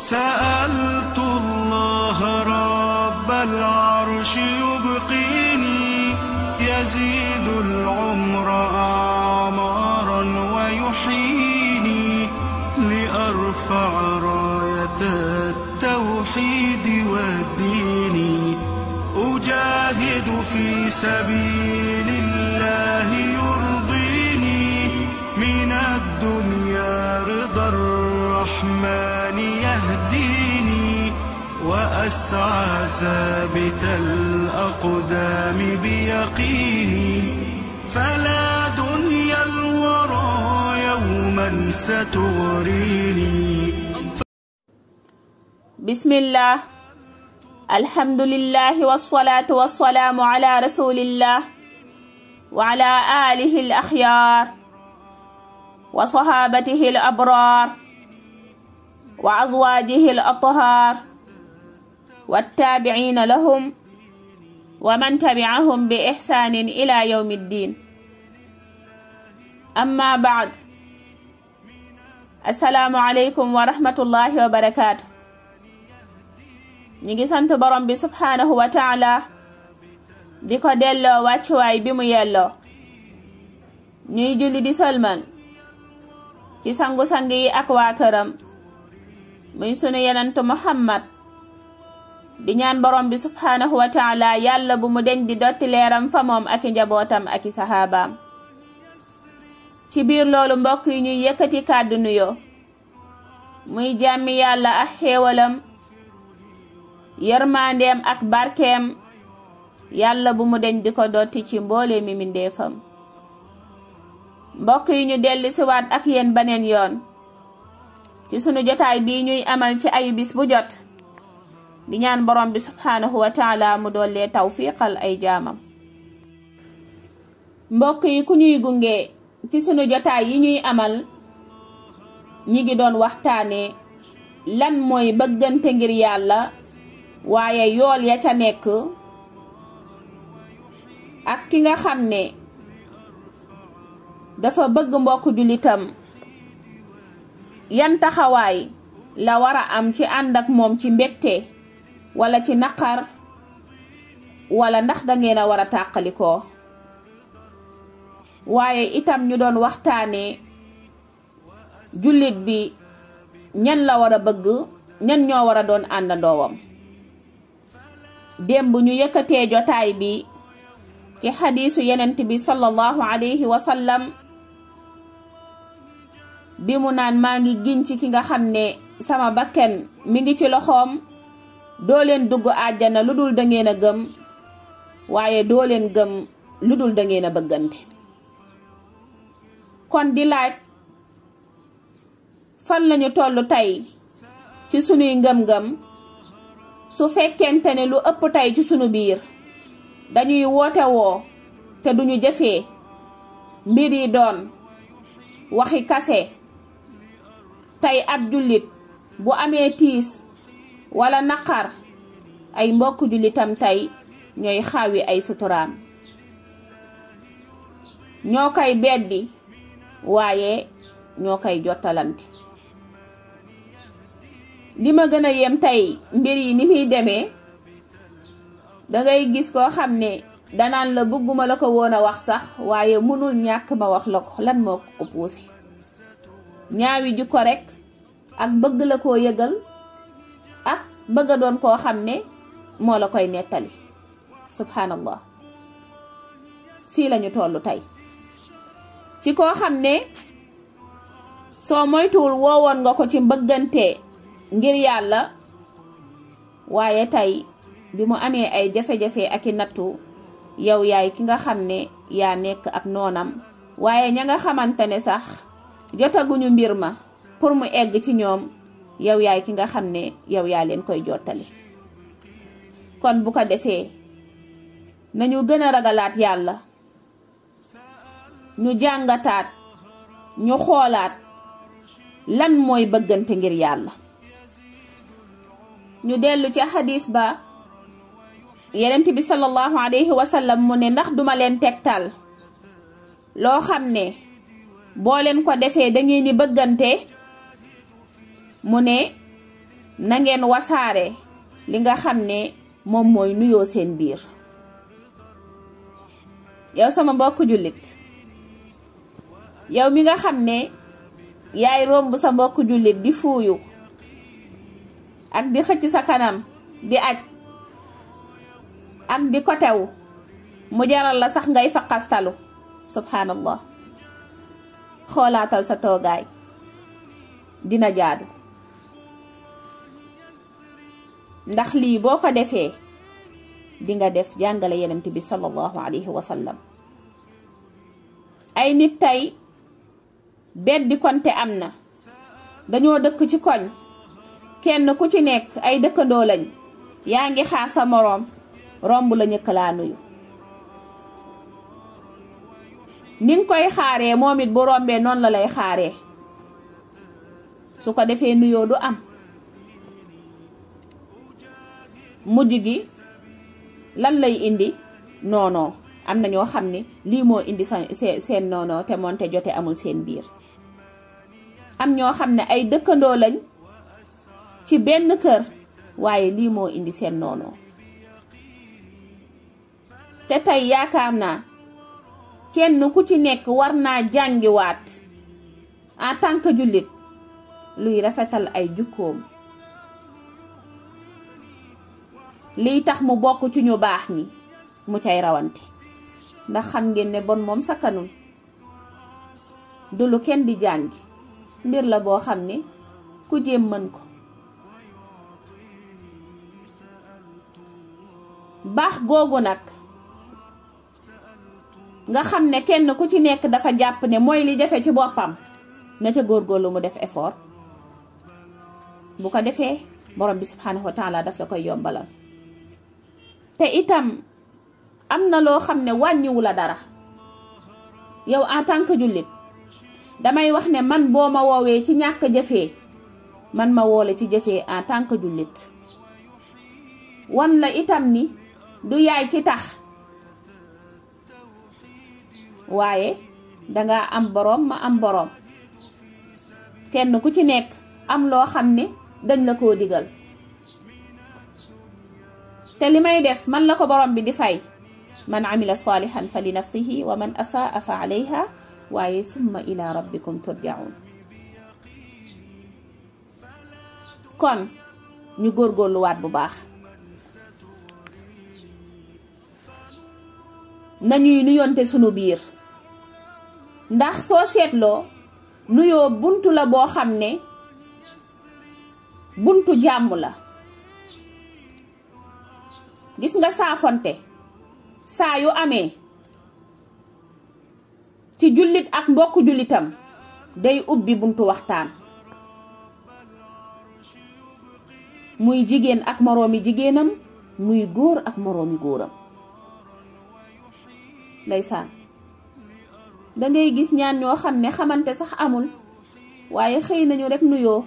سألت الله رب العرش يبقيني يزيد العمر أعمارا ويحييني لأرفع راية التوحيد والدين أجاهد في سبيل الله يرضيني من الدنيا رضا الرحمن أسعى ثابت الأقدام بيقيني فلا دنيا الورى يوما ستغريني بسم الله الحمد لله والصلاة والسلام على رسول الله وعلى آله الأخيار وصحابته الأبرار وأزواجه الأطهار wattaabiciina lahum wa man tabicahum bi ixsaanin ila yawmi ddiin amma baad asalaamu aleykum wa rahmatullahi wa barakaatu ñu ngi sant borom bi subhaanahu wa taala di ko delloo wàccuwaay bi mu yelloo ñuy julli di sëlmal ci sangu-sang yi ak muy sunu yenentu muhammad di ñaan borom bi subhaanahu wa taala yàlla bu mu deñ di dotti leeram fa moom ak i njabootam ak i saxaabaam ci biir loolu mbokk yi ñuy yëkkati kàddu nuyoo muy jàmmi yàlla ak xéewalam yërmandeem ak barkeem yàlla bu mu deñ di ko dotti ci mboolee mi mindeefam mbokk yi ñu delli siwaat ak yéen baneen yoon ci sunu jotaay bii ñuy amal ci ayu bis bu jot di borom bi subhaanahu wa taala mu dollee tawfiqal ay jaamam mbokk yi ku ñuy gunge ci suñu jotaay yi ñuy amal ñi ngi doon waxtaane lan mooy bëggante ngir yàlla waaye yool ya ca nekk ak ki nga xam ne dafa bëgg mbokk jullitam yan taxawaay la wara am ci ànd ak moom ci mbégte wala ci naqar wala ndax da a war a tàqalikoo waaye itam ñu doon waxtaane jullit bi ñan la war a bëgg ñan ñoo war a doon àndandoowam démb ñu yëkkatee jotaay bi ci xadiisu yenent bi sallallahu alayhi wa bi mu naan maa ngi giñ ci ki nga xam ne sama bakken mi ngi ci loxoom doo leen dugg àjjana lu dul da ngeen a gëm waaye doo leen gëm lu dul da a bëggante kon di laaj fan lañu toll tey ci sunuy ngëm-ngëm su fekkente ne lu ëpp tey ci sunu biir dañuy woote woo te duñu jëfee mbir yi doon waxi kase tey ab jullit bu amee tiis wala naqar ay mbokk jullitam tey ñooy xaawi ay suturaam ñoo koy beddi waaye ñoo koy jottalante li ma gën a yem tey mbir yi ni muy demee dangay gis koo xam ne danaan la bëgguma la ko woona wax sax waaye mënul ñàkk ma wax la ko lan moo ko ko puuse ñaawi jukko rekk ak bëgg la koo yëgal bëgg doon koo xam ne moo la koy nettali subhanallah fii lañu tollu tey ci koo xam ne soo moytuwul woowoon nga ko ci mbëggante ngir yàlla waaye tey bi mu amee ay jafe-jafe ak i nattu yow yaay ki nga xam ne yaa nekk ak noonam waaye ña nga xamante ne sax jotaguñu mbir ma pour mu egg ci ñoom yow yaay ki nga xam ne yow yaa leen koy jottali kon bu ko defee nañu gën a ragalaat yàlla ñu jàngataat ñu xoolaat lan mooy bëggante ngir yàlla ñu dellu ci xadis ba yenent bi sallallahu alayhi wa sallam mu ne ndax duma leen tegtal loo xam ne boo leen ko defee dangeen di bëggante mu ne na ngeen wasaare li nga xam ne moom mooy nuyoo seen biir yow sama mbokku jullit yow mi nga xam ne yaay romb sa mbokku jullit di fuuyu ak di xëcc sa kanam di aj ak di ko mu jaral la sax ngay faqastalu subhanallah xoolaatal sa toogaay dina jaadu ndax lii boo ko defee di nga def jàngale yonent bi sallallahu alayhi wa sallam ay nit tay beddi konte am na dañoo dëkk ci koñ kenn ku ci nekk ay dëkkandoo lañ yaa ngi xaar sa moroom romb la ñëkk laa nuyu ni koy xaaree moom it bu rombee noonu la lay xaare su ko defee nuyoo du am mujj gi lan lay indi noonoo am na ñoo xam ne lii moo indi seen seen noonoo te moonte jote amul seen biir am ñoo xam ne ay dëkkandoo lañ ci benn kër waaye lii moo indi seen noonoo te tey yaakaar naa kenn ku ci nekk war naa jàngiwaat en tant que jullit luy rafetal ay jukkoom liy tax mu bokk ci ñu baax ñi mu cay rawante ndax xam ngeen ne bon moom sakkanul du lu kenn di jàngi mbir la boo xam ne ku jéem mën ko baax googu nag nga xam ne kenn ku ci nekk dafa jàpp ne mooy li jafe ci boppam ne ca góorgóorlu mu def effort bu ko defee borom bi subhanahu wa taala daf la koy yombalal te itam am na loo xam ne wàññiwu la dara yow en tant que jullit damay wax ne man boo ma woowee ci ñàkk jëfee man ma woole ci jëfee en tant jullit wan la itam ni du yaay ki tax waaye danga am boroom ma am boroom kenn ku ci nekk am loo xam ne dañ la ko digal te li may def man la ko borom bi di fay man amila salihan fa li nafsihi wa man asaa fa alayha waaye summa ila rabbikum turjaun kon ñu góorgóorluwaat bu baax nañuy nuyonte sunu biir ndax soo seetloo nuyoo buntu la boo xam ne buntu jàmm la gis nga saafante saa yu amee ci jullit ak mbokk jullitam day ubbi buntu waxtaan muy jigéen ak moroomi jigéenam muy góor ak moroomi góoram ndeysaan dangay gis ñaan ñoo xam ne xamante sax amul waaye xëy nañu rekk nuyoo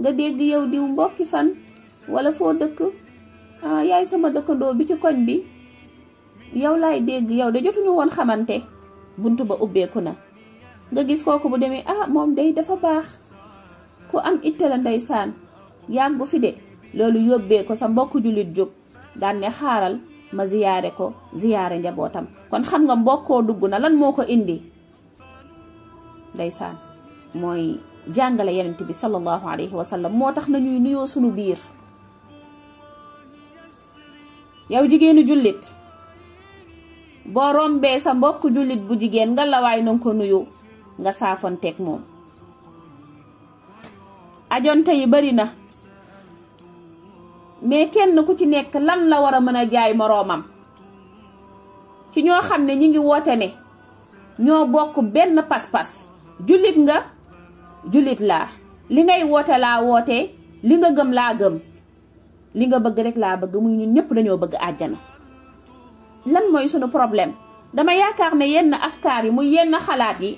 nga dégg yow diw mbokki fan walla foo dëkk Ah, yaay sama dëkkandoo bi ci koñ bi yow laay dégg yow da jotuñu woon xamante bunt ba ubbeeku na nga gis kooku bu demee ah moom day dafa baax ku am itte la ndeysaan yàggu fi de loolu yóbbee ko sa mbokk jullit jóg daan xaaral ma ziyaare ko ziyaare njabootam kon xam nga mbokkoo dugg na lan moo ko indi ndeysaan mooy jàngale yonent bi sallallahu alayhi wa sallam moo tax nañuy nuyoo sunu biir yow jigéenu jullit boo rombee sa mbokk jullit bu jigéen nga lawaay nanga ko nuyu nga saafonteeg moom ajonte yi bari na mais kenn ku ci nekk lan la war a mën a jaay moroomam ci ñoo xam ne ñu ngi woote ne ñoo bokk benn pas-pas jullit nga jullit laa li ngay woote laa woote li nga gëm laa gëm li nga bëgg rek laa bëgg muy ñun ñëpp dañoo bëgg àjjana lan mooy sunu problème dama yaakaar ne yenn afkaar yi muy yenn xalaat yi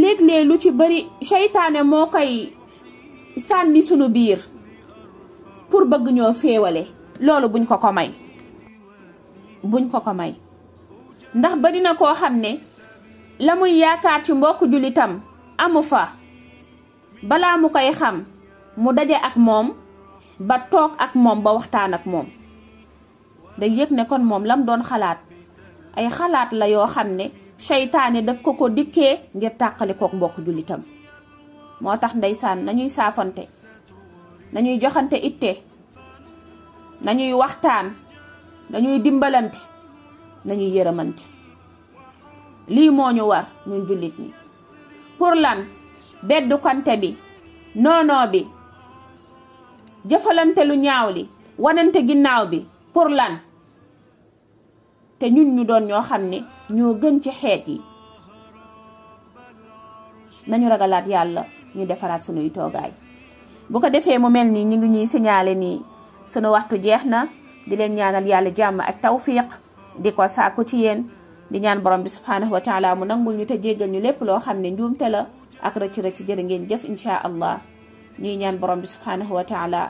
léeg-léeg lu ci bari seytaane moo koy sànni sunu biir pour bëgg ñoo féewale loolu buñ ko ko may buñ ko ko may ndax bari na koo xam ne la muy yaakaar ci mbokk jullitam amu fa balaa mu koy xam mu daje ak moom ba toog ak moom ba waxtaan ak moom day yëg ne kon moom lam doon xalaat ay xalaat la yoo xam ne seytaane daf ko ko dikkee ngir tàqali kook mbokk jullitam moo tax ndeysaan nañuy saafante nañuy joxante ite nañuy waxtaan nañuy dimbalante nañuy yërëmante lii moo ñu war ñun jullit ñi pour lan beddukante bi noonoo bi jëfalante lu ñaaw li wanante ginnaaw bi pour lan te ñun ñu doon ñoo xam ni ñoo gën ci xeet yi nañu ragalaat yàlla ñu defaraat sunuy toogaay bu ko defee mu mel nii ñu ngi ñuy siñaale nii sunu waxtu jeex na di leen ñaanal yàlla jàmm ak tawfiq di ko sàkku ci yéen di ñaan borom bi subhanahu wa taala mu nangul ñu te jéggal ñu lépp loo xam ne njuumte la ak rëcc rëcc jërë ngeen jëf incha allah ñuy ñaan borom bi subhanahu wa taala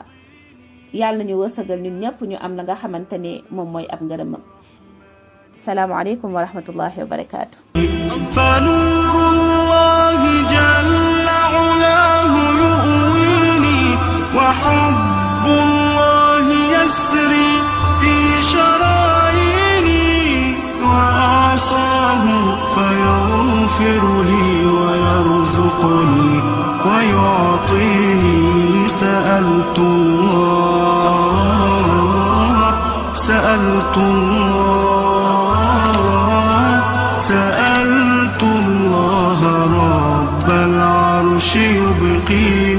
yàlla nañu wërsëgal ñun ñëpp ñu am la nga xamante ne moom mooy ab ngërëmam salaamaaleykum wa rahmatullahi wa barakaatu fa nurullahi jalla ulahu yuwini wa hubbullahi yasri يغفر لي ويرزقني ويعطيني سألت الله سألت الله سألت الله رب العرش يبقيني